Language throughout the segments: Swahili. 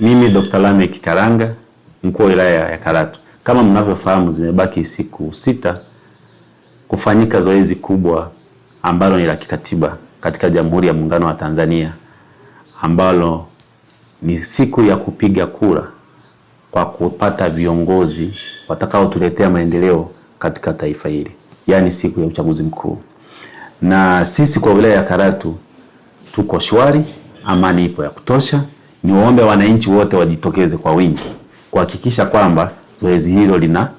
Mimi Dr. lame Karanga, mkuu wa wilaya ya Karatu. Kama mnavyofahamu, zimebaki siku sita kufanyika zoezi kubwa ambalo ni la kikatiba katika Jamhuri ya Muungano wa Tanzania ambalo ni siku ya kupiga kura kwa kupata viongozi watakaotuletea maendeleo katika taifa hili, yaani siku ya uchaguzi mkuu. Na sisi kwa wilaya ya Karatu tuko shwari, amani ipo ya kutosha niwaombe wananchi wote wajitokeze kwa wingi kuhakikisha kwamba zoezi hilo lina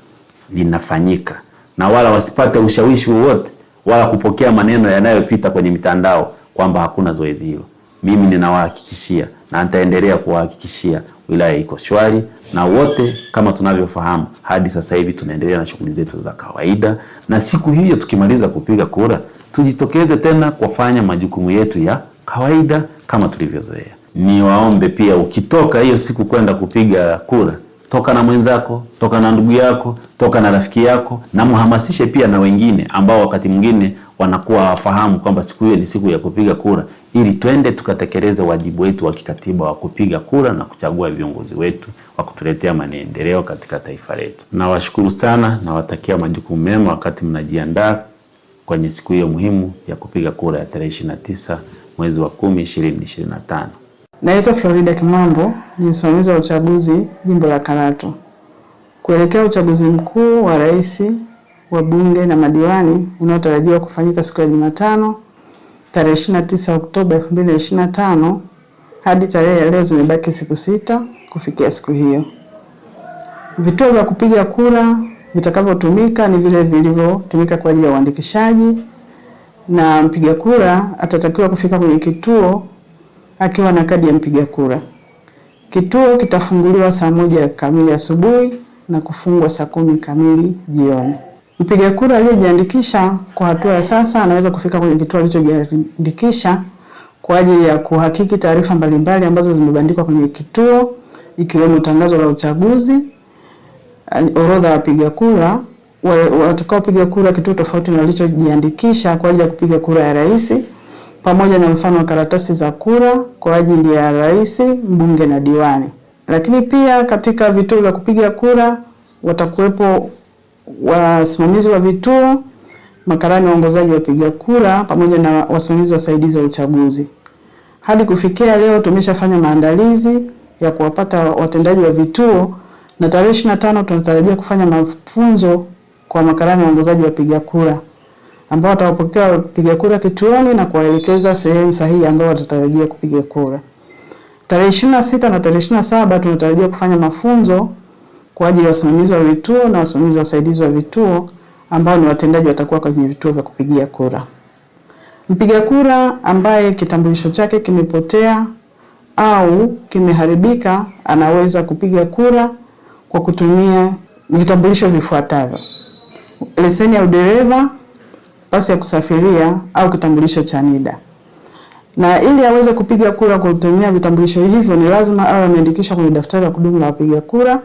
linafanyika na wala wasipate ushawishi wowote wala kupokea maneno yanayopita kwenye mitandao kwamba hakuna zoezi hilo. Mimi ninawahakikishia na nitaendelea kuwahakikishia wilaya iko shwari, na wote kama tunavyofahamu, hadi sasa hivi tunaendelea na shughuli zetu za kawaida, na siku hiyo tukimaliza kupiga kura tujitokeze tena kufanya majukumu yetu ya kawaida kama tulivyozoea niwaombe pia, ukitoka hiyo siku kwenda kupiga kura, toka na mwenzako, toka na ndugu yako, toka na rafiki yako, na mhamasishe pia na wengine ambao wakati mwingine wanakuwa wafahamu kwamba siku hiyo ni siku ya kupiga kura, ili twende tukatekeleze wajibu wetu wa kikatiba wa kupiga kura na kuchagua viongozi wetu wa kutuletea maendeleo katika taifa letu. Nawashukuru sana, nawatakia majukumu mema wakati mnajiandaa kwenye siku hiyo muhimu ya kupiga kura ya tarehe 29 mwezi wa 10 2025. Naitwa Florida Kimambo, ni msimamizi wa uchaguzi jimbo la Karatu. Kuelekea uchaguzi mkuu wa rais, wa bunge na madiwani unaotarajiwa kufanyika siku ya Jumatano tarehe 29 Oktoba 2025 hadi tarehe ya leo zimebaki siku sita kufikia siku hiyo. Vituo vya kupiga kura vitakavyotumika ni vile vilivyotumika kwa ajili ya uandikishaji na mpiga kura atatakiwa kufika kwenye kituo akiwa na kadi ya mpiga kura. Kituo kitafunguliwa saa moja kamili asubuhi na kufungwa saa kumi kamili jioni. Mpiga kura aliyejiandikisha kwa hatua ya sasa anaweza kufika kwenye kituo alichojiandikisha kwa ajili ya kuhakiki taarifa mbalimbali ambazo zimebandikwa kwenye kituo ikiwemo tangazo la uchaguzi, orodha ya wapiga kura watakaopiga kura kituo tofauti na walichojiandikisha kwa ajili ya kupiga kura ya rais pamoja na mfano wa karatasi za kura kwa ajili ya rais, mbunge na diwani. Lakini pia katika vituo vya kupiga kura watakuwepo wasimamizi wa vituo, makarani waongozaji wa wapiga kura pamoja na wasimamizi wasaidizi wa uchaguzi. Hadi kufikia leo tumeshafanya maandalizi ya kuwapata watendaji wa vituo na tarehe 25 tunatarajia kufanya mafunzo kwa makarani waongozaji wa wapiga kura ambao watawapokea wapiga kura kituoni na kuwaelekeza sehemu sahihi ambayo watatarajia kupiga kura. Tarehe 26 na tarehe 27 tunatarajia kufanya mafunzo kwa ajili ya wasimamizi wa vituo na wasimamizi wa wasaidizi wa vituo ambao ni watendaji watakuwa kwenye vituo vya kupigia kura. Mpiga kura ambaye kitambulisho chake kimepotea au kimeharibika anaweza kupiga kura kwa kutumia vitambulisho vifuatavyo: leseni ya udereva pasi ya kusafiria au kitambulisho cha NIDA. Na ili aweze kupiga kura kwa kutumia vitambulisho hivyo ni lazima awe ameandikishwa kwenye daftari la kudumu la wapiga kura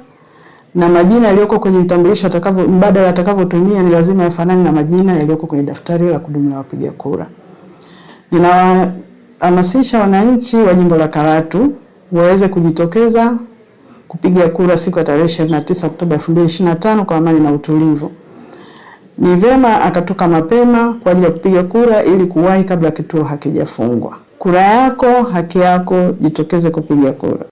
na majina yaliyoko kwenye vitambulisho atakavyo mbadala atakavyotumia ni lazima yafanane na majina yaliyoko kwenye daftari la kudumu la wapiga kura. Ninawahamasisha wananchi wa jimbo la Karatu waweze kujitokeza kupiga kura siku ya tarehe 29 Oktoba 2025 kwa amani na utulivu ni vema akatoka mapema kwa ajili ya kupiga kura ili kuwahi kabla kituo hakijafungwa. Kura yako haki yako, jitokeze kupiga kura.